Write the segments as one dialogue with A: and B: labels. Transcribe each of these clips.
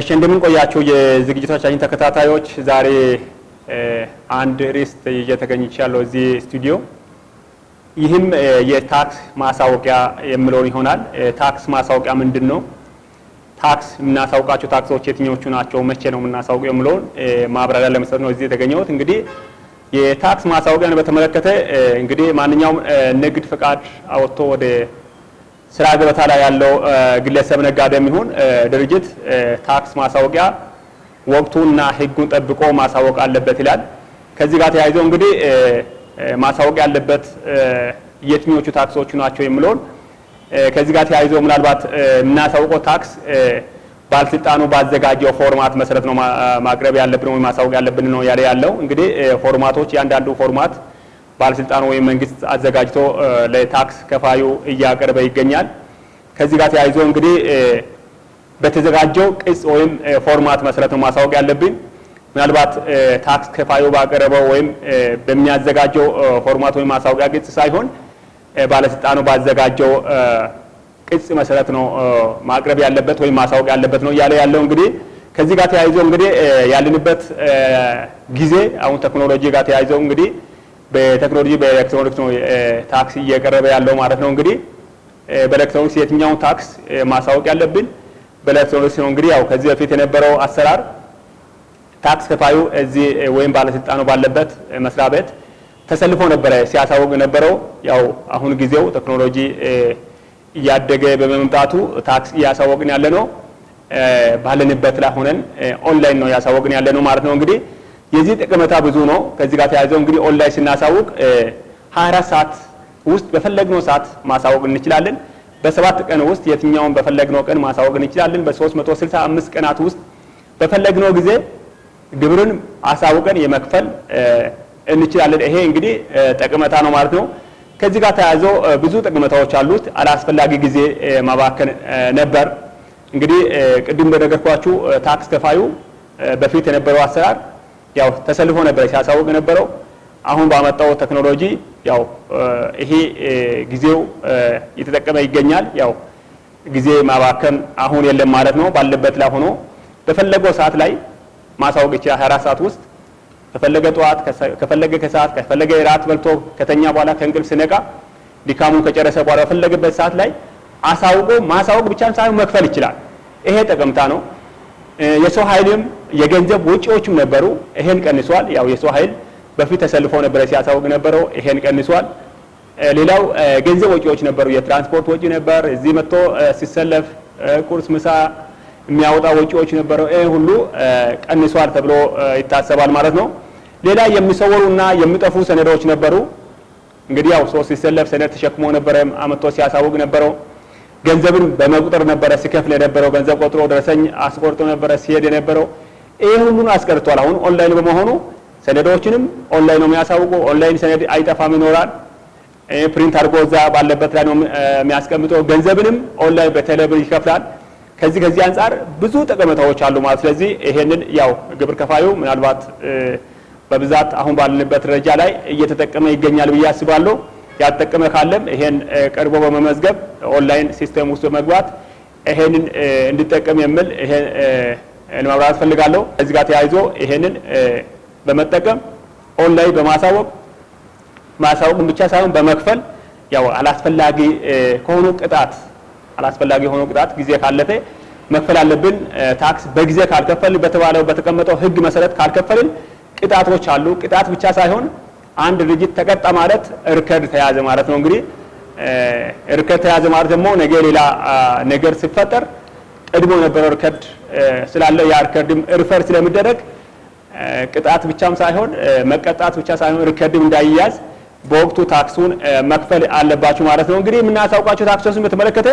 A: እሺ እንደምን ቆያችሁ የዝግጅቶቻችን ተከታታዮች፣ ዛሬ አንድ ርዕስ ይዤ ተገኝቻለሁ እዚህ ስቱዲዮ። ይህም የታክስ ማሳወቂያ የምለውን ይሆናል። ታክስ ማሳወቂያ ምንድን ነው? ታክስ የምናሳውቃቸው ታክሶች የትኞቹ ናቸው? መቼ ነው የምናሳውቀው? የምለውን ማብራሪያ ለመስጠት ነው እዚህ የተገኘሁት። እንግዲህ የታክስ ማሳወቂያን በተመለከተ እንግዲህ ማንኛውም ንግድ ፈቃድ አወጥቶ ወደ ስራ ገበታ ላይ ያለው ግለሰብ ነጋዴ የሚሆን ድርጅት ታክስ ማሳወቂያ ወቅቱና ሕጉን ጠብቆ ማሳወቅ አለበት ይላል። ከዚህ ጋር ተያይዞ እንግዲህ ማሳወቅ ያለበት የትኞቹ ታክሶቹ ናቸው የሚለውን ከዚህ ጋር ተያይዞ ምናልባት የምናሳውቀው ታክስ ባለስልጣኑ ባዘጋጀው ፎርማት መሰረት ነው ማቅረብ ያለብን ወይ ማሳወቅ ያለብን ነው ያለ ያለው እንግዲህ ፎርማቶች ያንዳንዱ ፎርማት ባለስልጣኑ ወይም መንግስት አዘጋጅቶ ለታክስ ከፋዩ እያቀረበ ይገኛል። ከዚህ ጋር ተያይዞ እንግዲህ በተዘጋጀው ቅጽ ወይም ፎርማት መሰረት ነው ማሳወቅ ያለብን። ምናልባት ታክስ ከፋዩ ባቀረበው ወይም በሚያዘጋጀው ፎርማት ወይም ማሳወቂያ ቅጽ ሳይሆን ባለስልጣኑ ባዘጋጀው ቅጽ መሰረት ነው ማቅረብ ያለበት ወይም ማሳወቅ ያለበት ነው እያለ ያለው እንግዲህ ከዚህ ጋር ተያይዞ እንግዲህ ያለንበት ጊዜ አሁን ቴክኖሎጂ ጋር ተያይዞ እንግዲህ በቴክኖሎጂ በኤሌክትሮኒክስ ነው ታክስ እየቀረበ ያለው ማለት ነው። እንግዲህ በኤሌክትሮኒክስ የትኛውን ታክስ ማሳወቅ ያለብን በኤሌክትሮኒክስ ነው። እንግዲህ ያው ከዚህ በፊት የነበረው አሰራር ታክስ ከፋዩ እዚህ ወይም ባለስልጣኑ ባለበት መስሪያ ቤት ተሰልፎ ነበረ ሲያሳውቅ ነበረው። ያው አሁን ጊዜው ቴክኖሎጂ እያደገ በመምጣቱ ታክስ እያሳወቅን ያለ ነው ባለንበት ላይ ሆነን ኦንላይን ነው እያሳወቅን ያለ ነው ማለት ነው እንግዲህ የዚህ ጠቀሜታ ብዙ ነው። ከዚህ ጋር ተያይዘው እንግዲህ ኦንላይን ስናሳውቅ 24 ሰዓት ውስጥ በፈለግነው ሰዓት ማሳወቅ እንችላለን። በሰባት ቀን ውስጥ የትኛውን በፈለግነው ቀን ማሳወቅ እንችላለን። በ365 ቀናት ውስጥ በፈለግነው ጊዜ ግብርን አሳውቀን የመክፈል እንችላለን። ይሄ እንግዲህ ጥቅመታ ነው ማለት ነው። ከዚህ ጋር ተያይዘው ብዙ ጥቅመታዎች አሉት። አላስፈላጊ ጊዜ ማባከን ነበር። እንግዲህ ቅድም በነገርኳችሁ ታክስ ከፋዩ በፊት የነበረው አሰራር ያው ተሰልፎ ነበር ሲያሳውቅ የነበረው። አሁን ባመጣው ቴክኖሎጂ ያው ይሄ ጊዜው እየተጠቀመ ይገኛል። ያው ጊዜ ማባከን አሁን የለም ማለት ነው። ባለበት ላይ ሆኖ በፈለገው ሰዓት ላይ ማሳወቅ ይችላል። 24 ሰዓት ውስጥ ከፈለገ ጠዋት፣ ከፈለገ ከሰዓት፣ ከፈለገ ራት በልቶ ከተኛ በኋላ ከእንቅልፍ ሲነቃ ድካሙን ከጨረሰ በኋላ በፈለገበት ሰዓት ላይ አሳውቆ ማሳወቅ ብቻ ሳይሆን መክፈል ይችላል። ይሄ ጠቀምታ ነው። የሰው ኃይልም የገንዘብ ወጪዎችም ነበሩ። ይሄን ቀንሷል። ያው የሰው ኃይል በፊት ተሰልፎ ነበረ ሲያሳውቅ ነበረው። ይሄን ቀንሷል። ሌላው ገንዘብ ወጪዎች ነበሩ። የትራንስፖርት ወጪ ነበር። እዚህ መጥቶ ሲሰለፍ ቁርስ፣ ምሳ የሚያወጣ ወጪዎች ነበሩ። ይሄ ሁሉ ቀንሷል ተብሎ ይታሰባል ማለት ነው። ሌላ የሚሰወሩና የሚጠፉ ሰነዶች ነበሩ። እንግዲህ ያው ሰው ሲሰለፍ ሰነድ ተሸክሞ ነበረ አመጥቶ ሲያሳውቅ ነበረው። ገንዘብን በመቁጠር ነበረ ሲከፍል የነበረው ገንዘብ ቆጥሮ ደረሰኝ አስቆርጦ ነበረ ሲሄድ የነበረው። ይሄ ሁሉን አስቀርቷል። አሁን ኦንላይን በመሆኑ ሰነዶችንም ኦንላይን ነው የሚያሳውቁ። ኦንላይን ሰነድ አይጠፋም፣ ይኖራል። ፕሪንት አድርጎ እዛ ባለበት ላይ ነው የሚያስቀምጠው። ገንዘብንም ኦንላይን በቴሌብር ይከፍላል። ከዚህ ከዚህ አንጻር ብዙ ጠቀሜታዎች አሉ ማለት። ስለዚህ ይሄንን ያው ግብር ከፋዩ ምናልባት በብዛት አሁን ባለንበት ደረጃ ላይ እየተጠቀመ ይገኛል ብዬ አስባለሁ። ያጠቀመ ካለም ይሄን ቀርቦ በመመዝገብ ኦንላይን ሲስተም ውስጥ በመግባት ይሄንን እንድጠቀም የምል ይሄን ለማብራራት ፈልጋለሁ። እዚህ ጋር ተያይዞ ይሄንን በመጠቀም ኦንላይን በማሳወቅ ማሳወቅን ብቻ ሳይሆን በመክፈል ያው አላስፈላጊ ከሆኑ ቅጣት አላስፈላጊ የሆኑ ቅጣት ጊዜ ካለፈ መክፈል አለብን። ታክስ በጊዜ ካልከፈልን በተባለው በተቀመጠው ሕግ መሰረት ካልከፈልን ቅጣቶች አሉ። ቅጣት ብቻ ሳይሆን አንድ ድርጅት ተቀጣ ማለት እርከድ ተያዘ ማለት ነው። እንግዲህ እርከድ ተያዘ ማለት ደግሞ ነገ ሌላ ነገር ሲፈጠር ቀድሞ የነበረው እርከድ ስላለ ያ እርከድም እርፈር ስለሚደረግ ቅጣት ብቻም ሳይሆን መቀጣት ብቻ ሳይሆን እርከድም እንዳይያዝ በወቅቱ ታክሱን መክፈል አለባችሁ ማለት ነው። እንግዲህ የምናሳውቃቸው ታክሶችን በተመለከተ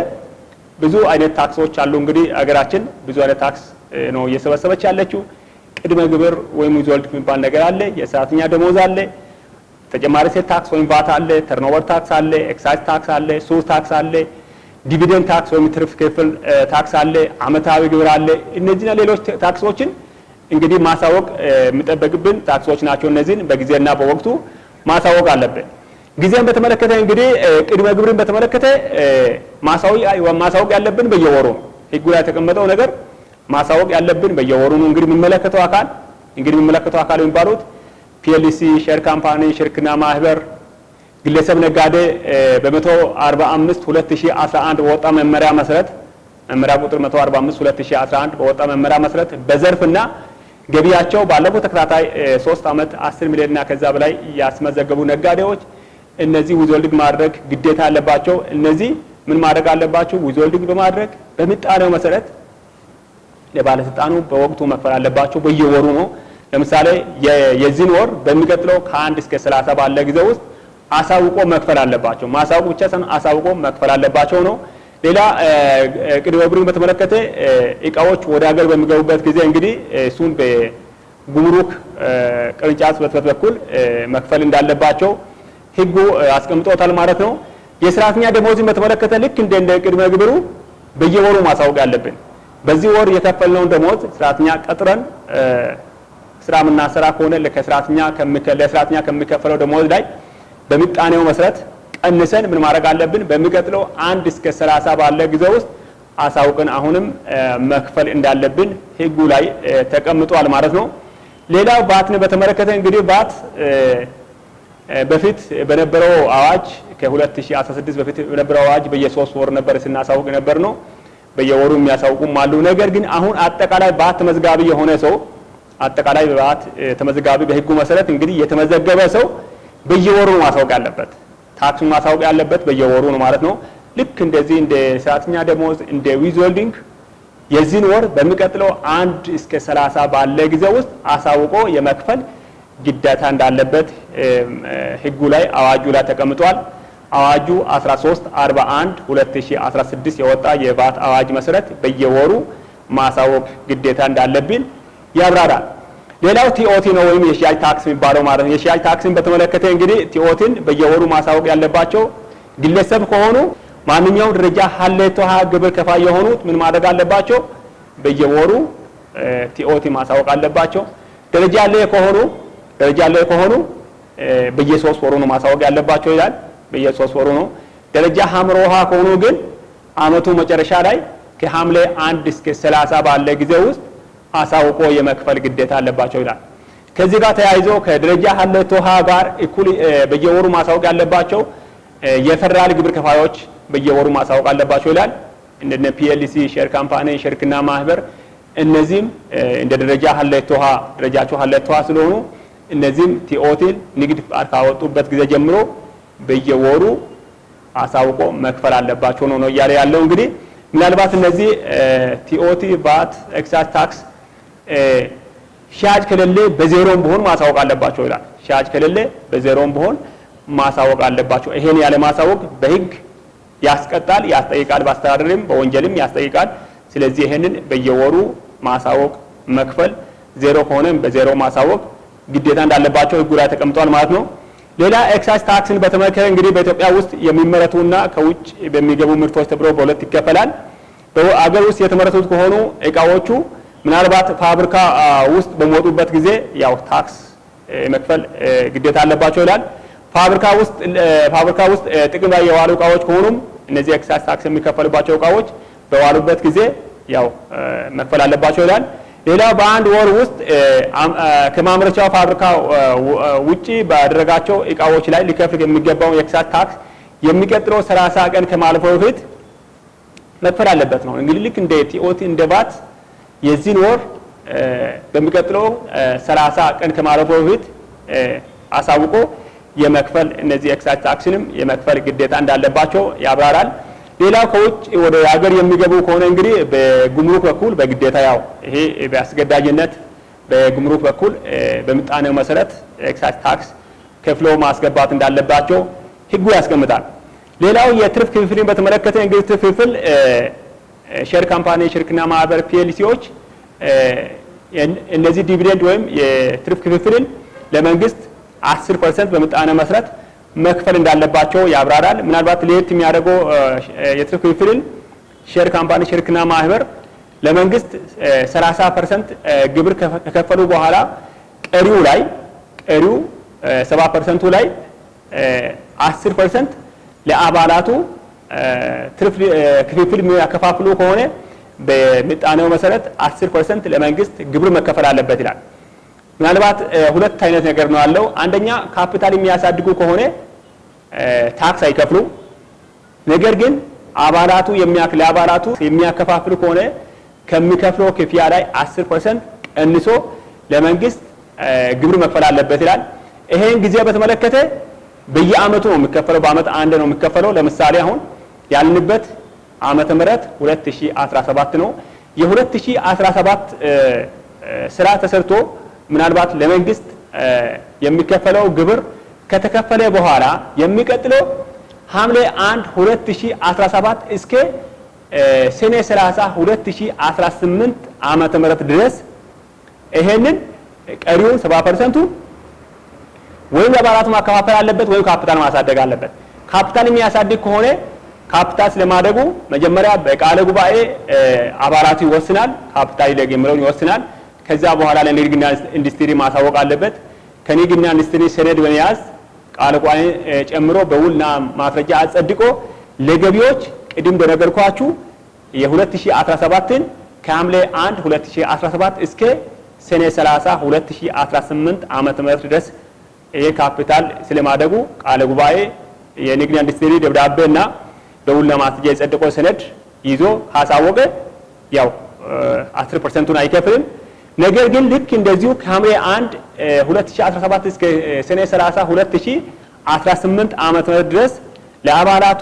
A: ብዙ አይነት ታክሶች አሉ። እንግዲህ አገራችን ብዙ አይነት ታክስ ነው እየሰበሰበች ያለችው። ቅድመ ግብር ወይም ዊዝወልድ የሚባል ነገር አለ። የሰራተኛ ደሞዝ አለ። ተጨማሪ ሴት ታክስ ወይም ቫት አለ፣ ተርኖቨር ታክስ አለ፣ ኤክሳይዝ ታክስ አለ፣ ሱስ ታክስ አለ፣ ዲቪደንድ ታክስ ወይም ትርፍ ክፍል ታክስ አለ፣ አመታዊ ግብር አለ። እነዚህና ሌሎች ታክሶችን እንግዲህ ማሳወቅ የሚጠበቅብን ታክሶች ናቸው። እነዚህን በጊዜና በወቅቱ ማሳወቅ አለብን። ጊዜን በተመለከተ እንግዲህ ቅድመ ግብርን በተመለከተ ማሳወቅ ያለብን በየወሩ ህጉ ላይ የተቀመጠው ነገር ማሳወቅ ያለብን በየወሩ ነው። እንግዲህ የሚመለከተው አካል እንግዲህ የሚመለከተው አካል የሚባሉት ፒኤልሲ ሼር ካምፓኒ ሽርክና ማህበር ግለሰብ ነጋዴ በ145 2011 በወጣ መመሪያ መሰረት መመሪያ ቁጥር 145 2011 በወጣ መመሪያ መሰረት በዘርፍና ገቢያቸው ባለፉት ተከታታይ 3 ዓመት 10 ሚሊዮንና ከዛ በላይ ያስመዘገቡ ነጋዴዎች እነዚህ ዊዞልዲንግ ማድረግ ግዴታ አለባቸው። እነዚህ ምን ማድረግ አለባቸው? ዊዞልዲንግ በማድረግ በምጣኔው መሰረት ለባለስልጣኑ በወቅቱ መክፈል አለባቸው። በየወሩ ነው ለምሳሌ የዚህን ወር በሚቀጥለው ከአንድ እስከ ሰላሳ ባለ ጊዜ ውስጥ አሳውቆ መክፈል አለባቸው። ማሳወቅ ብቻ ሳይሆን አሳውቆ መክፈል አለባቸው ነው። ሌላ ቅድመ ብርን በተመለከተ እቃዎች ወደ ሀገር በሚገቡበት ጊዜ እንግዲህ እሱን በጉምሩክ ቅርንጫፍ ጽሕፈት ቤት በኩል መክፈል እንዳለባቸው ህጉ አስቀምጦታል ማለት ነው። የሰራተኛ ደሞዝን በተመለከተ ልክ እንደ እንደ ቅድመ ግብሩ በየወሩ ማሳወቅ ያለብን በዚህ ወር የከፈልነውን ደሞዝ ሰራተኛ ቀጥረን ስራ ምናሰራ ከሆነ ለሰራተኛ ከሚከፈለው ደሞዝ ላይ በምጣኔው መሰረት ቀንሰን ምን ማድረግ አለብን? በሚቀጥለው አንድ እስከ 30 ባለ ጊዜ ውስጥ አሳውቅን አሁንም መክፈል እንዳለብን ህጉ ላይ ተቀምጧል ማለት ነው። ሌላው ባትን በተመለከተ እንግዲህ ባት በፊት በነበረው አዋጅ ከ2016 በፊት በነበረው አዋጅ በየሶስት ወር ነበር ስናሳውቅ ነበር ነው። በየወሩ የሚያሳውቁም አሉ። ነገር ግን አሁን አጠቃላይ ባት መዝጋቢ የሆነ ሰው አጠቃላይ ብባት ተመዝጋቢ በህጉ መሰረት እንግዲህ የተመዘገበ ሰው በየወሩ ነው ማሳወቅ ያለበት። ታክሱን ማሳወቅ ያለበት በየወሩ ነው ማለት ነው። ልክ እንደዚህ እንደ ሰራተኛ ደሞዝ እንደ ዊዝሆልዲንግ የዚህን ወር በሚቀጥለው አንድ እስከ ሰላሳ ባለ ጊዜ ውስጥ አሳውቆ የመክፈል ግዴታ እንዳለበት ህጉ ላይ አዋጁ ላይ ተቀምጧል። አዋጁ 1341 2016 የወጣ የባት አዋጅ መሰረት በየወሩ ማሳወቅ ግዴታ እንዳለብን ያብራራል። ሌላው ቲኦቲ ነው ወይም የሽያጭ ታክስ የሚባለው ማለት ነው። የሽያጭ ታክስን በተመለከተ እንግዲህ ቲኦቲን በየወሩ ማሳወቅ ያለባቸው ግለሰብ ከሆኑ ማንኛውም ደረጃ ሀሌቶ ሀ ግብር ከፋይ የሆኑት ምን ማድረግ አለባቸው? በየወሩ ቲኦቲ ማሳወቅ አለባቸው። ደረጃ ላይ ከሆኑ ደረጃ ላይ ከሆኑ በየሶስት ወሩ ነው ማሳወቅ ያለባቸው ይላል። በየሶስት ወሩ ነው። ደረጃ ሀምሮ ውሃ ከሆኑ ግን አመቱ መጨረሻ ላይ ከሐምሌ አንድ እስከ ሰላሳ ባለ ጊዜ ውስጥ አሳውቆ የመክፈል ግዴታ አለባቸው ይላል። ከዚህ ጋር ተያይዞ ከደረጃ ሀለቶ ሀ ጋር እኩል በየወሩ ማሳወቅ ያለባቸው የፌዴራል ግብር ከፋዮች በየወሩ ማሳወቅ አለባቸው ይላል። እንደነ ፒኤልሲ፣ ሼር ካምፓኒ፣ ሽርክና ማህበር እነዚህም እንደ ደረጃ ሀለቶ ሀ ደረጃቸው ሀለቶ ሀ ስለሆኑ እነዚህም ቲኦቲል ንግድ ፍቃድ ካወጡበት ጊዜ ጀምሮ በየወሩ አሳውቆ መክፈል አለባቸው ነው ነው እያለ ያለው እንግዲህ ምናልባት እነዚህ ቲኦቲ ቫት ኤክሳይዝ ታክስ ሻጭ ከሌለ በዜሮም ቢሆን ማሳወቅ አለባቸው ይላል። ሻጭ ከሌለ በዜሮም ቢሆን ማሳወቅ አለባቸው። ይሄን ያለ ማሳወቅ በህግ ያስቀጣል፣ ያስጠይቃል። በአስተዳደርም በወንጀልም ያስጠይቃል። ስለዚህ ይሄንን በየወሩ ማሳወቅ መክፈል፣ ዜሮ ከሆነ በዜሮ ማሳወቅ ግዴታ እንዳለባቸው ህጉ ላይ ተቀምጧል ማለት ነው። ሌላ ኤክሳይዝ ታክስን በተመለከተ እንግዲህ በኢትዮጵያ ውስጥ የሚመረቱና ከውጭ በሚገቡ ምርቶች ተብሎ በሁለት ይከፈላል። በአገር ውስጥ የተመረቱት ከሆኑ እቃዎቹ ምናልባት ፋብሪካ ውስጥ በሚወጡበት ጊዜ ያው ታክስ መክፈል ግዴታ አለባቸው ይላል። ፋብሪካ ውስጥ ፋብሪካ ውስጥ ጥቅም ላይ የዋሉ እቃዎች ከሆኑም እነዚህ ኤክሳይዝ ታክስ የሚከፈልባቸው እቃዎች በዋሉበት ጊዜ ያው መክፈል አለባቸው ይላል። ሌላ በአንድ ወር ውስጥ ከማምረቻው ፋብሪካ ውጪ ባደረጋቸው እቃዎች ላይ ሊከፍል የሚገባውን የኤክሳይዝ ታክስ የሚቀጥለው 30 ቀን ከማለፈው በፊት መክፈል አለበት ነው። እንግዲህ ልክ እንደ ቲኦቲ እንደ ቫት የዚህን ወር በሚቀጥለው 30 ቀን ከማለፉ በፊት አሳውቆ የመክፈል እነዚህ ኤክሳይዝ ታክስንም የመክፈል ግዴታ እንዳለባቸው ያብራራል። ሌላው ከውጭ ወደ ሀገር የሚገቡ ከሆነ እንግዲህ በጉምሩክ በኩል በግዴታ ያው ይሄ በአስገዳጅነት በጉምሩክ በኩል በምጣኔው መሰረት ኤክሳይዝ ታክስ ከፍሎ ማስገባት እንዳለባቸው ሕጉ ያስቀምጣል። ሌላው የትርፍ ክፍፍልን በተመለከተ እንግዲህ ትርፍ ሼር ካምፓኒ ሽርክና ማህበር ፒኤልሲዎች እነዚህ ዲቪደንድ ወይም የትርፍ ክፍፍልን ለመንግስት 10 ፐርሰንት በምጣነ መስረት መክፈል እንዳለባቸው ያብራራል። ምናልባት ለየት የሚያደርገው የትርፍ ክፍፍልን ሼር ካምፓኒ ሽርክና ማህበር ለመንግስት 30 ፐርሰንት ግብር ከከፈሉ በኋላ ቀሪው ላይ ቀሪው 70 ፐርሰንቱ ላይ 10 ፐርሰንት ለአባላቱ ክፍፍል የሚያከፋፍሉ ከሆነ በምጣኔው መሰረት 10% ለመንግስት ግብር መከፈል አለበት ይላል። ምናልባት ሁለት አይነት ነገር ነው ያለው። አንደኛ ካፒታል የሚያሳድጉ ከሆነ ታክስ አይከፍሉ። ነገር ግን አባላቱ ለአባላቱ የሚያከፋፍሉ ከሆነ ከሚከፍለው ክፍያ ላይ 10% ቀንሶ ለመንግስት ግብር መክፈል አለበት ይላል። ይሄን ጊዜ በተመለከተ በየአመቱ ነው የሚከፈለው፣ በአመት አንድ ነው የሚከፈለው። ለምሳሌ አሁን ያልንበት ዓመተ ምህረት 2017 ነው። የ2017 ስራ ተሰርቶ ምናልባት ለመንግስት የሚከፈለው ግብር ከተከፈለ በኋላ የሚቀጥለው ሐምሌ 1 2017 እስከ ሰኔ 30 2018 ዓመተ ምህረት ድረስ ይሄንን ቀሪውን 70% ወይም ለባለሀብቱ ማከፋፈል አለበት ወይም ካፒታል ማሳደግ አለበት። ካፒታል የሚያሳድግ ከሆነ ካፕታ ስለማደጉ መጀመሪያ በቃለ ጉባኤ አባላቱ ይወስናል። ካፕታ ይደግ የሚለውን ይወስናል። ከዚያ በኋላ ለንግድና ኢንዱስትሪ ማሳወቅ አለበት። ከንግድና ኢንዱስትሪ ሰነድ በመያዝ ቃለ ጉባኤ ጨምሮ በውልና ማስረጃ አጸድቆ ለገቢዎች ቅድም እንደነገርኳችሁ የ2017ን ከሐምሌ 1 2017 እስከ ሰኔ 30 2018 ዓመተ ምህረት ድረስ ይህ ካፒታል ስለማደጉ ቃለ ጉባኤ የንግድና ኢንዱስትሪ ደብዳቤና በውል ለማስጃ የጸደቀው ሰነድ ይዞ ካሳወቀ ያው አስር ፐርሰንቱን አይከፍልም። ነገር ግን ልክ እንደዚሁ ከሐምሌ 1 2017 እስከ ሰኔ 30 2018 ዓመተ ምህረት ድረስ ለአባላቱ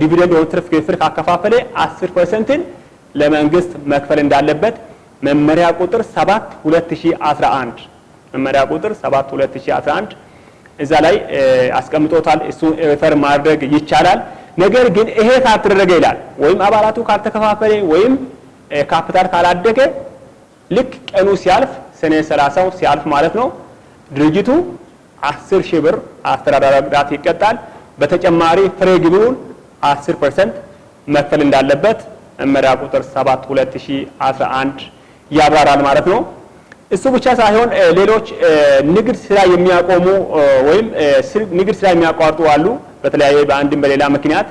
A: ዲቪደንድ ወይም ትርፍ ክፍል ካከፋፈለ 10% ለመንግስት መክፈል እንዳለበት መመሪያ ቁጥር 7 2011 መመሪያ ቁጥር 7 2011 እዛ ላይ አስቀምጦታል። እሱ ሪፈር ማድረግ ይቻላል። ነገር ግን ይሄ ካልተደረገ ይላል ወይም አባላቱ ካልተከፋፈለ ወይም ካፒታል ካላደገ ልክ ቀኑ ሲያልፍ ሰኔ ሰላሳው ሲያልፍ ማለት ነው ድርጅቱ አስር ሺህ ብር አስተዳደራዊ ቅጣት ይቀጣል። በተጨማሪ ፍሬ ግቢውን አስር ፐርሰንት መክፈል እንዳለበት መመሪያ ቁጥር 7 2011 ያብራራል ማለት ነው። እሱ ብቻ ሳይሆን ሌሎች ንግድ ስራ የሚያቆሙ ወይም ንግድ ስራ የሚያቋርጡ አሉ። በተለያየ በአንድም በሌላ ምክንያት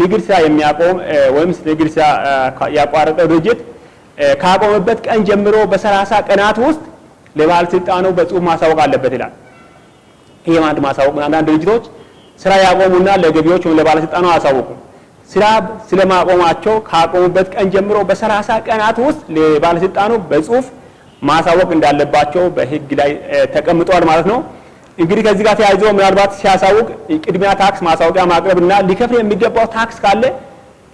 A: ንግድ ስራ የሚያቆም ወይም ንግድ ስራ ያቋረጠው ድርጅት ካቆመበት ቀን ጀምሮ በሰላሳ ቀናት ውስጥ ለባለስልጣኑ በጽሁፍ ማሳወቅ አለበት ይላል። ይሄ ማለት ማሳወቅ አንዳንድ ድርጅቶች ስራ ያቆሙና ለገቢዎች ወይም ለባለስልጣኑ አያሳውቁ። ስራ ስለማቆማቸው ካቆሙበት ቀን ጀምሮ በሰላሳ ቀናት ውስጥ ለባለስልጣኑ በጽሁፍ ማሳወቅ እንዳለባቸው በህግ ላይ ተቀምጧል ማለት ነው። እንግዲህ ከዚህ ጋር ተያይዞ ምናልባት ሲያሳውቅ ቅድሚያ ታክስ ማሳወቂያ ማቅረብ እና ሊከፍል የሚገባው ታክስ ካለ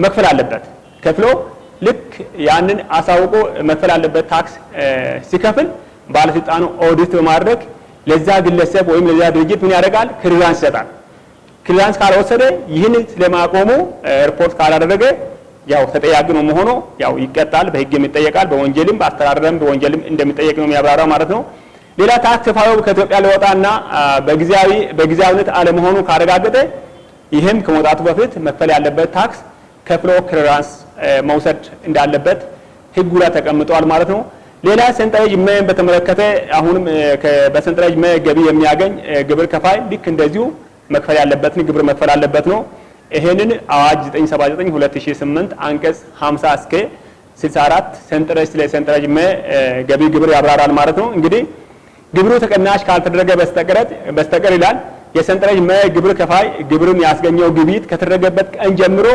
A: መክፈል አለበት። ከፍሎ ልክ ያንን አሳውቆ መክፈል አለበት። ታክስ ሲከፍል ባለስልጣኑ ኦዲት በማድረግ ለዛ ግለሰብ ወይም ለዛ ድርጅት ምን ያደርጋል? ክሊራንስ ይሰጣል። ክሊራንስ ካልወሰደ ይህን ስለማቆሙ ሪፖርት ካላደረገ ያው ተጠያቂ ነው መሆኑ ያው ይቀጣል፣ በህግም ይጠየቃል። በወንጀልም በአስተዳደርም በወንጀልም እንደሚጠየቅ ነው የሚያብራራው ማለት ነው። ሌላ ታክስ ከፋዩ ከኢትዮጵያ ሊወጣና በጊዜያዊ በጊዜያዊነት አለመሆኑ ካረጋገጠ ይህም ከመውጣቱ በፊት መክፈል ያለበት ታክስ ከፍሎ ክሊራንስ መውሰድ እንዳለበት ህጉ ላይ ተቀምጧል ማለት ነው። ሌላ ሰንጠረዥ መን በተመለከተ አሁንም በሰንጠረዥ መ ገቢ የሚያገኝ ግብር ከፋይ ልክ እንደዚሁ መክፈል ያለበትን ግብር መክፈል አለበት ነው። ይሄንን አዋጅ 979 2008 አንቀጽ 50 እስከ 64 ሰንጠረዥ ስለ ሰንጠረዥ መ ገቢ ግብር ያብራራል ማለት ነው እንግዲህ ግብሩ ተቀናሽ ካልተደረገ በስተቀር ይላል የሰንጠረዥ መ ግብር ከፋይ ግብርን ያስገኘው ግብይት ከተደረገበት ቀን ጀምሮ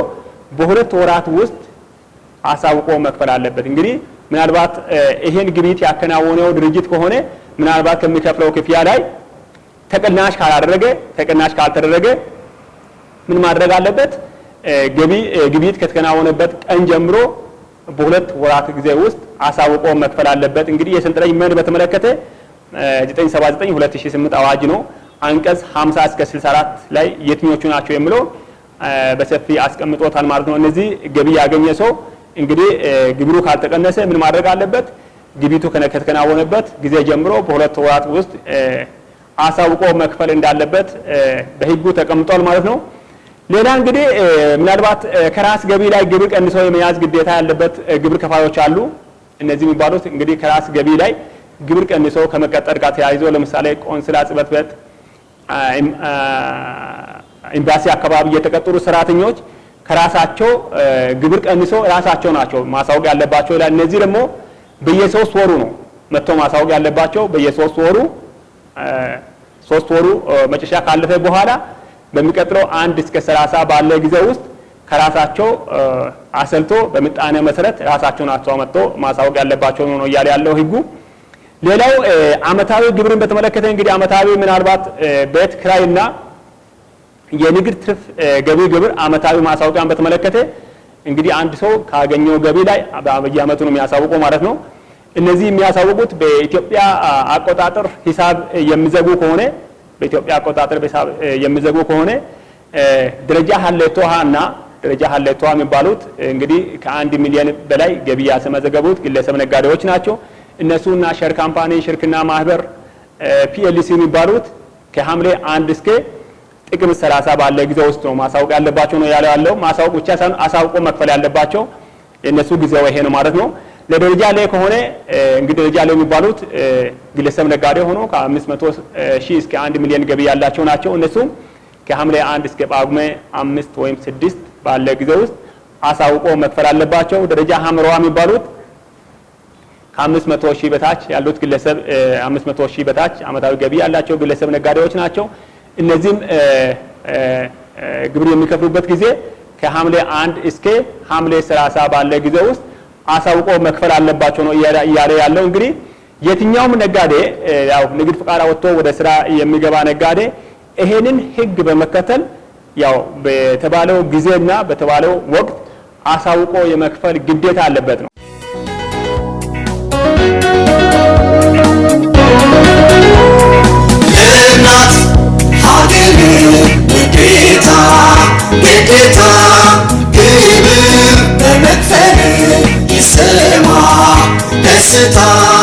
A: በሁለት ወራት ውስጥ አሳውቆ መክፈል አለበት። እንግዲህ ምናልባት ይሄን ግብይት ያከናወነው ድርጅት ከሆነ ምናልባት ከሚከፍለው ክፍያ ላይ ተቀናሽ ካላደረገ ተቀናሽ ካልተደረገ ምን ማድረግ አለበት? ግብይት ከተከናወነበት ቀን ጀምሮ በሁለት ወራት ጊዜ ውስጥ አሳውቆ መክፈል አለበት። እንግዲህ የሰንጠረዥ መን በተመለከተ 979/2008 አዋጅ ነው አንቀጽ 50 እስከ 64 ላይ የትኞቹ ናቸው የሚለው በሰፊ አስቀምጦታል ማለት ነው። እነዚህ ገቢ ያገኘ ሰው እንግዲህ ግብሩ ካልተቀነሰ ምን ማድረግ አለበት? ግቢቱ ከተከናወነበት ጊዜ ጀምሮ በሁለት ወራት ውስጥ አሳውቆ መክፈል እንዳለበት በህጉ ተቀምጧል ማለት ነው። ሌላ እንግዲህ ምናልባት ከራስ ገቢ ላይ ግብር ቀንሰው የመያዝ ግዴታ ያለበት ግብር ከፋዮች አሉ። እነዚህ የሚባሉት እንግዲህ ከራስ ገቢ ላይ ግብር ቀንሶ ከመቀጠር ጋር ተያይዞ ለምሳሌ ቆንስላ ጽሕፈት ቤት፣ ኤምባሲ አካባቢ የተቀጠሩ ሰራተኞች ከራሳቸው ግብር ቀንሶ ራሳቸው ናቸው ማሳወቅ ያለባቸው ይላል። እነዚህ ደግሞ በየሶስት ወሩ ነው መጥቶ ማሳወቅ ያለባቸው በየሶስት ወሩ ሶስት ወሩ መጨረሻ ካለፈ በኋላ በሚቀጥለው አንድ እስከ ሰላሳ ባለ ጊዜ ውስጥ ከራሳቸው አሰልቶ በምጣኔ መሰረት ናቸው አስተዋመጥቶ ማሳወቅ ያለባቸው ነው እያለ ያለው ህጉ። ሌላው አመታዊ ግብርን በተመለከተ እንግዲህ አመታዊ ምናልባት ቤት ክራይና የንግድ ትርፍ ገቢ ግብር አመታዊ ማሳወቂያን በተመለከተ እንግዲህ አንድ ሰው ካገኘው ገቢ ላይ በየአመቱ ነው የሚያሳውቀው ማለት ነው። እነዚህ የሚያሳውቁት በኢትዮጵያ አቆጣጠር ሂሳብ የሚዘጉ ከሆነ በኢትዮጵያ አቆጣጠር ሂሳብ የሚዘጉ ከሆነ ደረጃ ሀሌቶ እና ደረጃ ሀሌቶ የሚባሉት እንግዲህ ከአንድ ሚሊዮን በላይ ገቢ ያስመዘገቡት ግለሰብ ነጋዴዎች ናቸው። እነሱና ሸር ካምፓኒ ሽርክና ማህበር ፒኤልሲ የሚባሉት ከሐምሌ አንድ እስከ ጥቅምት 30 ባለ ጊዜ ውስጥ ነው ማሳወቅ ያለባቸው ነው ያለው ያለው ማሳወቅ ብቻ ሳይሆን አሳውቆ መክፈል ያለባቸው የእነሱ ጊዜው ይሄ ነው ማለት ነው። ለደረጃ ላይ ከሆነ እንግዲህ ደረጃ ላይ የሚባሉት ግለሰብ ነጋዴ ሆኖ ከ500 ሺህ እስከ 1 ሚሊዮን ገቢ ያላቸው ናቸው። እነሱም ከሐምሌ 1 እስከ ጳጉሜ 5 ወይም 6 ባለ ጊዜ ውስጥ አሳውቆ መክፈል አለባቸው። ደረጃ ሀምሮዋ የሚባሉት አምስት መቶ ሺህ በታች ያሉት ግለሰብ አምስት መቶ ሺህ በታች አመታዊ ገቢ ያላቸው ግለሰብ ነጋዴዎች ናቸው። እነዚህም ግብር የሚከፍሉበት ጊዜ ከሐምሌ አንድ እስከ ሐምሌ ሰላሳ ባለ ጊዜ ውስጥ አሳውቆ መክፈል አለባቸው ነው እያለ ያለው። እንግዲህ የትኛውም ነጋዴ ያው ንግድ ፍቃድ ወጥቶ ወደ ስራ የሚገባ ነጋዴ ይሄንን ህግ በመከተል ያው በተባለው ጊዜና በተባለው ወቅት አሳውቆ የመክፈል ግዴታ አለበት ነው። Beketa Gönlüm Mehmet Feri İsema Destan